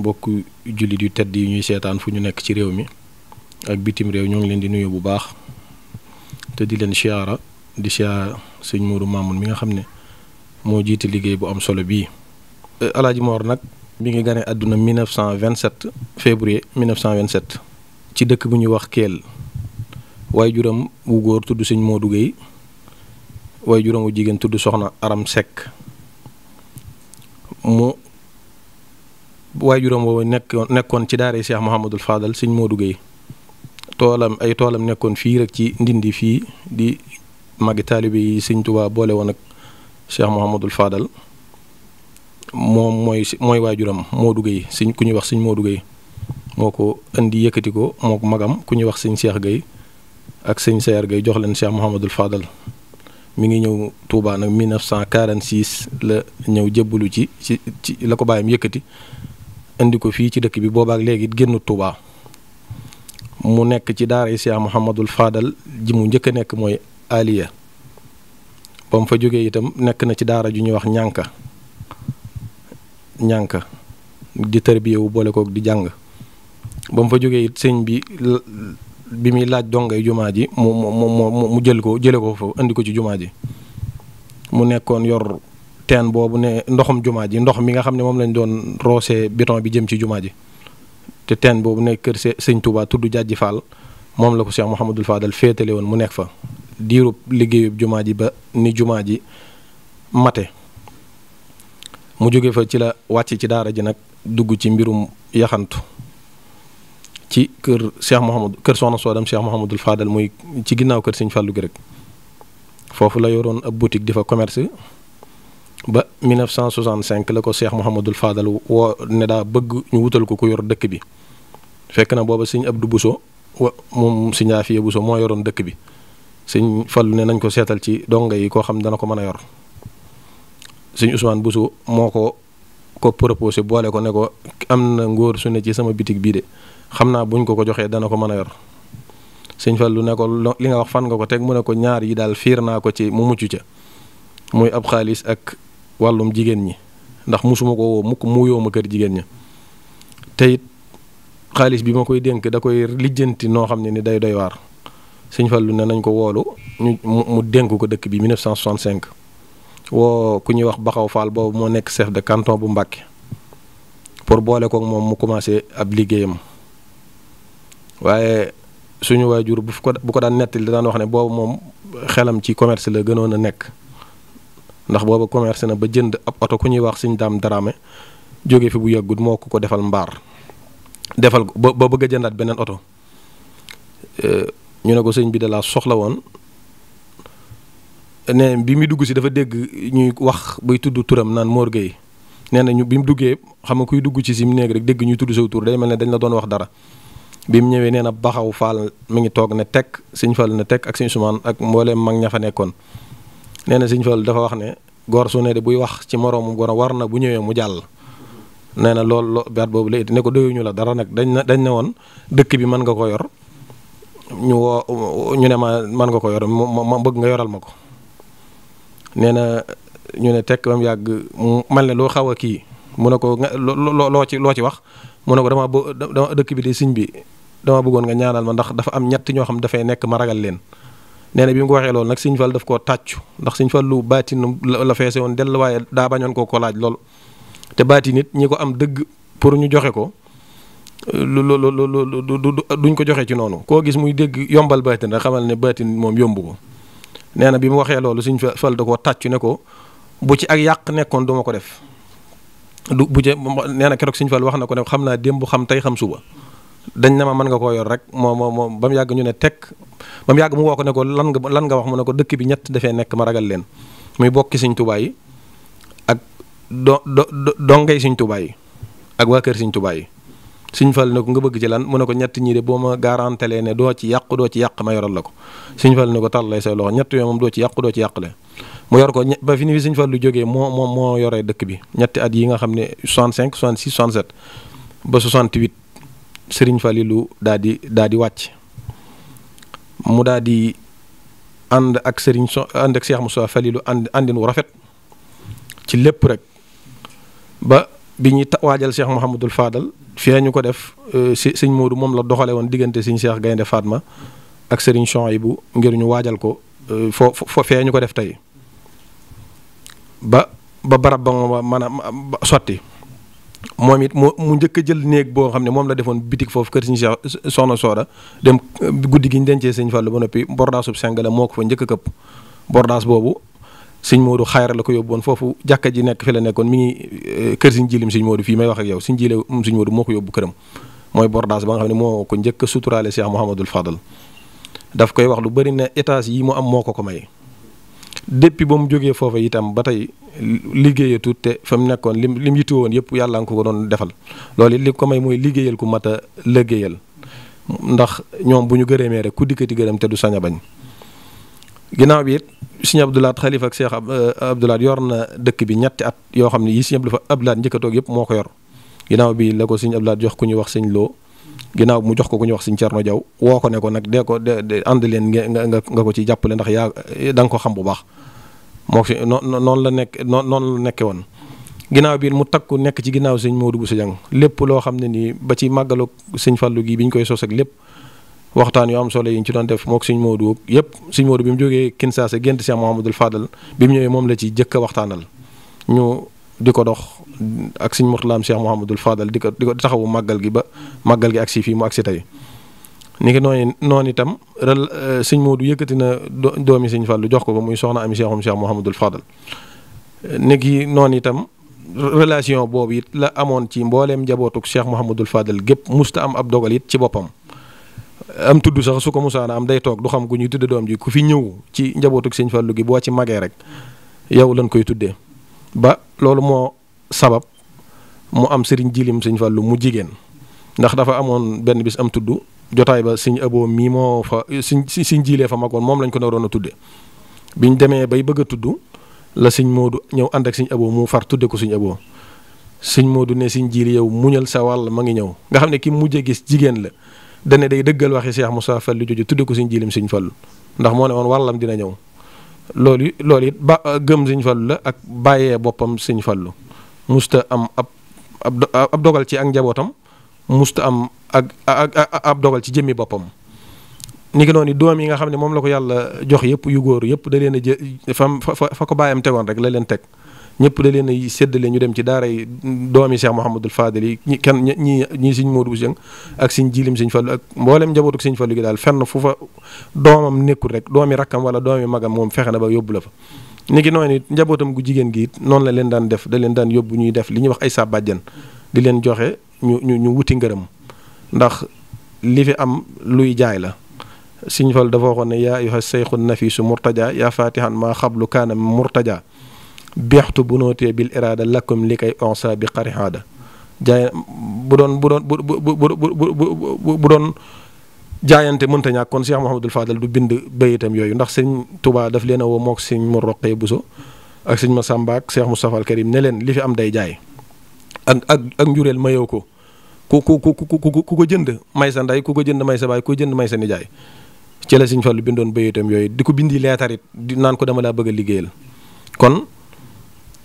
bokk jullit yu tedd yi ñuy seetaan fu ñu nekk ci réew mi ak bitim réew ñoo ngi leen di nuyu bu baax te di leen siyaara di siyaara sëñ Mourou Mamoun mi nga xam ne moo jiite liggéey bu am solo bii. Euh, Alaaji Mor nag mi ngi gane àdduna 1927 février 1927 ci dëkk bu ñuy wax keel waaye juróom wu góor tudd suñ moo Guèye waaye juram wu jigéen tudd Soxna Aram Seck mu waajuram woowu nekkoon nekkoon ci daara Cheikh Mouhamadul Fadal sëñ Modou Gueye toolam ay toolam nekkoon fii rek ci ndindi fii di maggi taalibe yi sëñ Tuubaa boole woon ak Cheikh Mouhamadul Fadal moom mooy mooy waajuram Modou Gueye sëñ ku ñuy wax sëñ Modou Gueye moo ko indi yëkkati ko moo magam ku ñuy wax sëñ Cheikh Gueye ak sëñ Sayar Gueye jox leen Cheikh Mouhamadul Fadal mi ngi ñëw Touba nag 1946 la ñëw jébbalu ci ci ci la ko bàyyam yëkkati indi ko fii ci dëkk bi boobaak léegi génn Touba mu nekk ci daara Cheikh Mouhamadul Fadal ji mu njëkk a nekk mooy Aliya ba mu fa jógee itam nekk na ci daara ju ñuy wax ñànka ñànka di tarbiyewu boole kook di jàng ba mu fa jógee it sëñ bi bi muy laaj dongay jumaa ji mu mu mu mu jël ko jële ko fa indi ko ci jumaa ji mu nekkoon yor teen boobu ne ndoxum jumaa ji ndox mi nga xam ne moom lañ doon roose biton bi jëm ci jumaa ji te teen boobu ne kër sëñ Touba tudd Jaaji Fall moom la ko Cheikh Mouhamadul Fadal féetale woon mu nekk fa diirub liggéeyub jumaa ji ba ni jumaa ji mate mu jóge fa ci la wàcc ci daara ji nag dugg ci mbirum yaxantu ci kër Cheikh Mouhamad kër Soxna Soodam mu Mouhamadul Fadal muy ci ginnaaw kër sëñ Fallou gi foofu la yoroon ab boutique di fa commerce ba 1965 la ko Cheikh Mouhamadul Fadal woo ne daa bëgg ñu wutal ko ku yor dëkk bi fekk na booba sëñ du Bousso wa moom sëñ Afiya Bousso moo yoroon dëkk bi sëñ Fallu ne nañ ko seetal ci donga yi koo xam dana ko mën a yor sëñ Ousmane Bousso moo ko ko proposé boole ko ne ko am na ngóor su ne ci sama bitig bii de xam naa buñ ko ko joxee dana ko mën a yor sëñ Fallu ne ko li nga wax fan nga ko teg mu ne ko ñaar yi daal fiir naa ko ci mu mucc ca muy ab xaalis ak. wàllum jigéen ñi ndax musuma ko woo mukk mu yoo ma kër jigéen ña te xaalis bi ma koy dénk da koy lijjanti noo xam ne ni day doy waar sëñ Fallu ne nañ ko woolu ñu mu dénk ko dëkk bi 1965 woo ku ñuy wax Baxaw Fall boobu moo nekk chef de canton bu Mbàkke pour boole kook moom mu commencé ab liggéeyam waaye suñu waajur bu fu ko bu ko daan nettali daan wax ne boobu moom xelam ci commerce la gënoon a nekk ndax booba commerce na ba jënd ab oto ku ñuy wax suñ daam daraame jóge fi bu yàggut moo ko ko defal mbaar defal ko ba bëgg a jëndaat beneen oto euh, ñu ne ko sëñ bi da laa soxla woon neen bi muy dugg si dafa dégg ñuy wax bay tudd turam naan Mor Gueye nee na ñu bi mu duggee xam nga kuy dugg ci si mu néeg rek dégg ñuy tudd saw tuur day mel ne dañ la doon wax dara bi mu ñëwee nee na baxaw faal mi ngi toog ne tekk sëñ Fall ne tekk ak sëñ Ousmane ak mbooleem mag ña fa nekkoon. nee siñ Sëñ Fallu dafa wax ne góor su ne de buy wax ci moroomu góor war na bu ñëwee mu jàll. nee na lool loo baat boobu la it ne ko doyuñu la dara nag dañ na dañ ne woon dëkk bi mën nga ko yor ñu ne ma mën nga ko yor ma bëgg nga yoral ma ko. nee na ñu ne tekk ba mu yàgg mu mel ne loo xaw a kii mu ne ko loo ci loo ci wax mu ne ko dama dama dëkk bi di siñ bi dama bëggoon nga ñaanal ma ndax dafa am ñett ñoo xam dafay nekk ma ragal leen. nee na bi mu ko waxee loolu nag sëñ Fall daf koo tàccu ndax sëñ fa lu baatin la feese woon dell waaye daa bañoon koo ko laaj lool te baatin nit ñi ko am dëgg pour ñu joxe ko lu lu lu lu duñ ko joxe ci noonu koo gis muy dégg yombal baatin rek xamal ne baatin moom yombu ko nee na bi mu waxee loolu sëñ Fall da koo tàccu ne ko bu ci ak yàq nekkoon duma ko def du bu je nee na keroog sëñ fal wax na ko ne xam naa démb xam tey xam suba dañ ne ma mën nga koo yor rek moo moo moo ba mu yàgg ñu ne tekk ba mu yàgg mu woo ko ne ko lan nga lan wax mu ne ko dëkk bi ñett dafee nekk ma ragal leen muy bokki Sëñ Tuubaa yi ak do do dongay Sëñ Tuubaa yi ak waa kër Sëñ Tuubaa yi Sëñ Fall ne ko nga bëgg ci lan mu ne ko ñett ñii de boo ma garantelee ne doo ci yàq doo ci yàq ma yoral la ko Sëñ Fall ne ko lay say loxo ñett yooyu moom doo ci yàqu doo ci yàq le mu yor ko ba fi ni fi Sëñ Fall lu jógee moo moo moo dëkk bi ñetti at yi nga xam ne 65 66 67 ba 68 sëriñ Falilu daa di daa di wàcc mu daa di ànd ak sëriñ so ànd ak Seex Musaa Falilu ànd àndin wu rafet ci lépp rek ba bi ñuy waajal Seex Muhammadul Faadal fee ñu ko def euh, si sëñ Moodu moom la doxale woon diggante sëñ Seex Gaynde Fatma ak sëriñ Suhaybu ngir ñu waajal ko euh, foo foo fee ñu ko def tey ba ba barab ba ma a sotti moom it mu mu njëkk jël néeg boo xam ne moom la defoon bitig foofu kër Serigne Cheikh soxna Sooda dem euh, guddi gi ñu dencee Serigne Fallou ba noppi bordaasub seng la moo ko fa njëkk këpp bordaas boobu Serigne Modou xayra la ko yóbboon foofu jàkka ji nekk fi la nekkoon mi ngi euh, kër Serigne Jilim Serigne Modou fii may wax ak yow Serigne Jile Serigne Modou moo ko yóbbu këram mooy bordaas ba nga xam ne moo ko njëkk a suturaale Cheikh Mouhamadul Fadal daf koy wax lu bëri ne étage yi mu am moo ko ko may depuis ba mu jógee foofa itam ba tey liggéeyatu te fa mu nekkoon lim lim yitu woon yëpp yàlla nga ko doon defal loolu it li ko may mooy liggéeyal ku mat a liggéeyal ndax ñoom bu ñu gërëmee rek ku dikkati gërëm te du sañ bañ. ginnaaw bi it sëñ Abdoulaat xalifa ak Cheikh euh, Abdoulaat yor na dëkk bi ñetti at yoo xam ne yi sëñ Abdoulaat njëkk a toog yëpp moo ko yor ginnaaw bi la ko sëñ Abdoulaat jox ku ñuy wax sëñ loo ginnaaw bi mu jox ko ku ñu wax sëñ Thierno Diaw woo ko ne ko nag dee ko de ànd leen nga nga ko ci jàppale ndax yaa ko xam bu baax moo si noonu la nekk noonu la nekke woon ginnaaw bi mu takku nekk ci ginnaaw sëñ bu Bousso Dieng lépp loo xam ne nii ba ci màggalu sëñ Fallou gi bi ñu koy sos ak lépp waxtaan yu am solo yi ñu ci doon def mook sëñ Modou yëpp sëñ Modou bi mu jógee Kinshasa gént mu Mouhamadoul Fadal bi mu ñëwee moom la ci jëkk a waxtaanal ñu di ko dox ak suñ mortalaam Cheikh Mouhamadul Fadal di ko di ko taxawu màggal gi ba màggal gi ak fii mu ak si tey. ni noonu noonu itam euh, sëñ Moodu yëkkati na doomi sëñ Fallu jox ko ko muy soxna ami Cheikhum Cheikh Mouhamadul Fadal noonu itam relation boobu it la amoon ci mbooleem njabootuk Cheikh Mouhamadul Fadal gépp musta am ab dogal it ci boppam. am tudd sax su ko musaana am day toog du xam ku ñuy tudde doom ji ku fi ñëw ci njabootuk sëñ Fallu gi boo ci magee rek yow lañ koy tuddee. ba loolu moo sabab mu am sëriñ jilim sëñ fallu mu jigéen ndax dafa amoon benn bis am tudd jotaay ba sëñ Abo mii moo fa sëñ sëñ jilee fa magoon moom lañ ko naroon a tudde ñu demee bay bëgg a tudd la sëñ Moodu ñëw ànd ak sëñ Abo mu far tudde ko sëñ Abo sëñ Moodu ne sëñ jili yow muñal sa wàll ma ngi ñëw nga xam ne ki mujjee gis jigéen la dane day dëggal waxi mu sa Fallou joju tudde ko sëñ jilim sëñ fallu ndax moo ne woon wàllam dina ñëw loolu loolu it ba euh, gëm sëñ fallu la ak bàyyee boppam sëñ fallu musta am ab ab dogal ci ak njabootam musta am ak ab dogal ci jëmmi boppam ni ki noonu doom yi nga xam ne moom la ko yàlla jox yëpp yu góor yëpp da leen a jë fam fa fa ko bàyyam tegoon rek la leen teg ñëpp da leen sedd séddale ñu dem ci daara yi doomi Cheikh Mouhamadul Fadil ñi kenn ñi ñii Sëñ Modou ak Sëñ Jilim Sëñ Fallu ak mboolem njabootuk Sëñ Fallu gi daal fenn fu fa doomam nekkul rek doomi rakkam wala doomi magam moom fexe na ba yóbbu la fa ni ki noonu it njabootam gu jigéen gi noonu la leen daan def da leen daan yóbbu ñuy def li ñuy wax ay sàbbàjjan di leen joxe ñu ñu ñu wuti ngërëm ndax li fi am luy jaay la Sëñ Fallu dafa waxoon ne yaa ayyuha seyxun nafisu murtaja yaa fatihan maa xablu kaana murtaja beextu bu nootee bil iraada lakkum li koy onsa bi xarihaada doon bu doon doon jaayante mënta ñàkk kon Cheikh Mouhamadul Fadal du bind bayitam yooyu ndax sëñ tubaa daf leen a woo mook sëñ mu roqee Buso ak sëñ ma Sàmba seex Cheikh Moustapha ne leen li fi am day jaay ak ak ak njureel mayoo ko ku ku ku ku ku ko jënd may sa ku ko jënd may sa baay ku ko jënd may sa nijaay ci la sëñ lu bindoon bayitam yooyu di ko bindi leetarit di naan ko dama laa bëgg a liggéeyal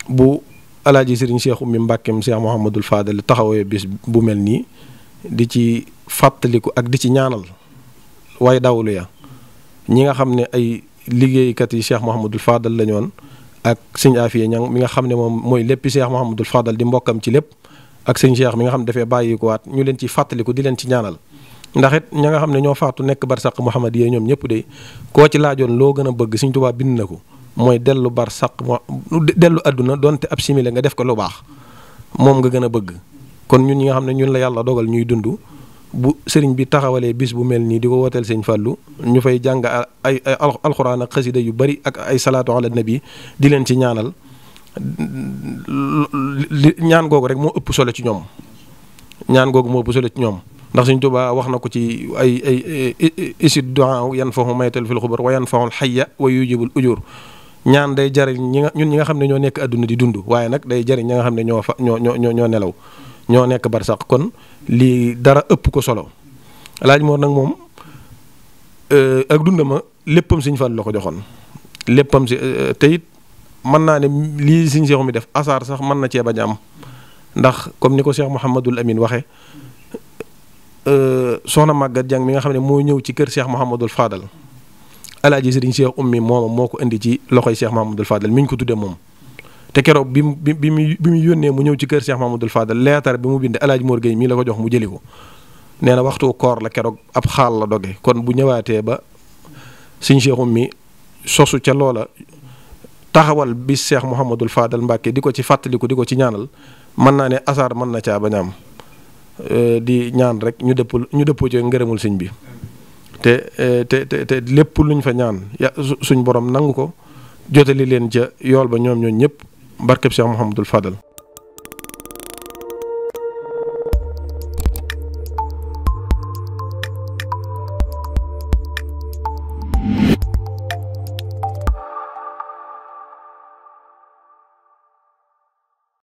bu alaaji sëriñ Cheikh Oumy Mbàkkeem Cheikh Mouhamadul Fadel taxawee bis bu mel nii di ci fàttaliku ak di ci ñaanal waaye dawlu ya ñi nga xam ne ay liggéeykat yi Cheikh Mouhamadul Fadel la ñoon ak sëñ Afiya ñang mi nga xam ne moom mooy lépp Cheikh Mouhamadul Fadel di mbokkam ci lépp ak sëñ Cheikh mi nga xam ne dafee bàyyikuwaat ñu leen ci fàttaliku di leen ci ñaanal ndax it ña nga xam ne ñoo faatu nekk barsaq Muhammad yee ñoom ñëpp de koo ci laajoon loo gën a bëgg sëñ Tuubaa bind na ko mooy dellu bar saq moo dellu àdduna donte ab simile nga def ko lu baax moom nga gën a bëgg kon ñun ñi nga xam ne ñun la yàlla dogal ñuy dund bu sëriñ bi taxawalee bis bu mel nii di ko wooteel sëñ Fallou ñu fay jàng ay ay alxuraan ak xasida yu bari ak ay salaato salaatu ala nabi di leen ci ñaanal ñaan googu rek moo ëpp sole ci ñoom ñaan googu moo ëpp sole ci ñoom ndax Sëriñ Tuubaa wax na ko ci ay ay isid du'a yan fahu maytal fil xubar wa yan fahul xayya wa yujibul ujur ñaan day jariñ ñi nga ñun ñi nga xam ne ñoo nekk aduna di dund waaye nag day jariñ ñi nga xam ne ñoo fa ñoo ñoo ñoo nelaw ñoo nekk bar sax kon lii dara ëpp ko solo laaj moor nag moom euh, ak dundama léppam Sëñ Fallu la ko joxoon léppam si euh, te it mën naa ne lii Sëñ Seexu mi def asaar sax mën na cee bañ am ndax comme ni ko Cheikh Mouhamadul Amin waxe euh, soxna Maguette Dieng mi nga xam ne moo ñëw ci kër Cheikh Mouhamadul Fadal alaaji sëriñ Cheikh Oumy mooma moo ko indi ci loxoy Cheikh Mahamadul Fadal mi ñu ko tuddee moom te keroog bi mu bi mu bi mu yónnee mu ñëw ci kër Cheikh Mahamadul Fadal leetar bi mu bind alaaji Mor Gueye mii la ko jox mu jëli ko nee na waxtu koor la keroog ab xaal la doge kon bu ñëwaatee ba sëriñ Cheikh Oumy sosu ca loola taxawal bis Cheikh Mouhamadul Fadal Mbacke di ko ci fàttaliku di ko ci ñaanal mën naa ne asaar mën na caa bañ di ñaan rek ñu dëpp ñu dëppoo ci bi Eh, te te te lépp luñ fa ñaan ya suñ borom nangu ko jotali leen ca yool ba ñoom ñooñ ñëpp barkeb Cheikh Mouhamadul Fadal